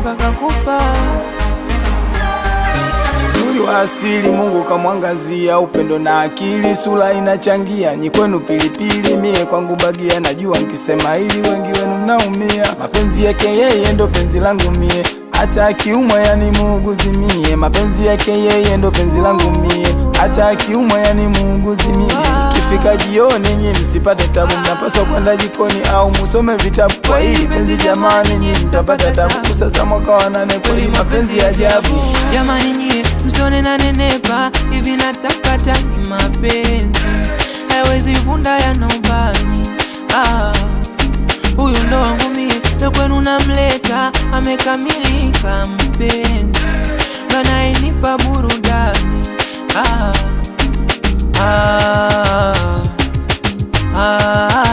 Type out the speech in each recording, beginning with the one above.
mpaka kufa. Uzuri wa asili Mungu kamwangazia, upendo na akili sura inachangia. Nyi kwenu pilipili, mie kwangu bagia. Najua nkisema hili wengi wenu naumia mapenzi yake yeye ndo penzi langu mie hata akiumwa yani muuguzi mie, mapenzi yake yeye ndo penzi langu mie, hata akiumwa yani muuguzi mie. Ikifika jioni nyi msipate tabu, mnapaswa kwenda jikoni au musome vitabu. Kwa hili penzi jamani, nyi mtapata tabu. Kusasa mwaka wa nane, kweli mapenzi ya ajabu jamani, nyie msione na nenepa hivi, nataka tani mapenzi unamleta amekamilika mpenzi, inipa burudani ah, ah, ah. ah.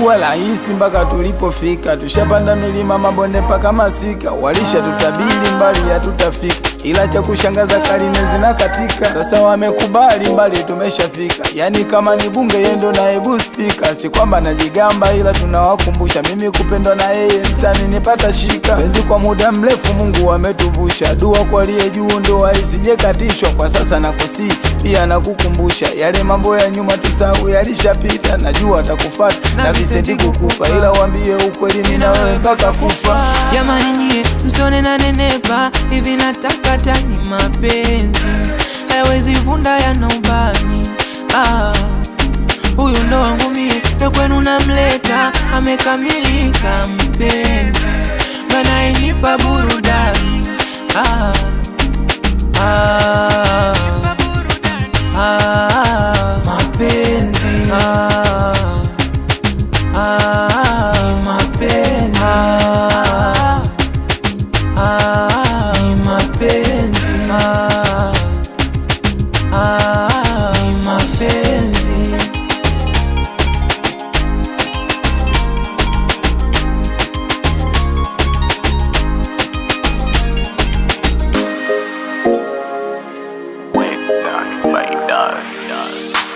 haikuwa rahisi mpaka tulipofika. Tushapanda milima, mabonde mpaka masika, walisha tutabidi mbali hatutafika, ila cha kushangaza karine zinakatika. Sasa wamekubali mbali tumeshafika, yani kama ni bunge yendo naibu spika. Si kwamba najigamba, ila tunawakumbusha mimi kupendwa na yeye mtani nipata shika. Penzi kwa muda mrefu Mungu ametuvusha, dua kwa aliye juu ndoa isijekatishwa. Kwa sasa kusi pia nakukumbusha, yale mambo ya nyuma tusahau, yalishapita, najua atakufata na senti kukupa, ila wambie ukweli, mimi na wewe mpaka kufa. Jamani nyie msione na nenepa hivi, nataka tani mapenzi hawezi vunda yana ubani. Ah, huyu ndo wangu mie na kwenu namleta, amekamilika mpenzi bana, inipa burudani stars. stars.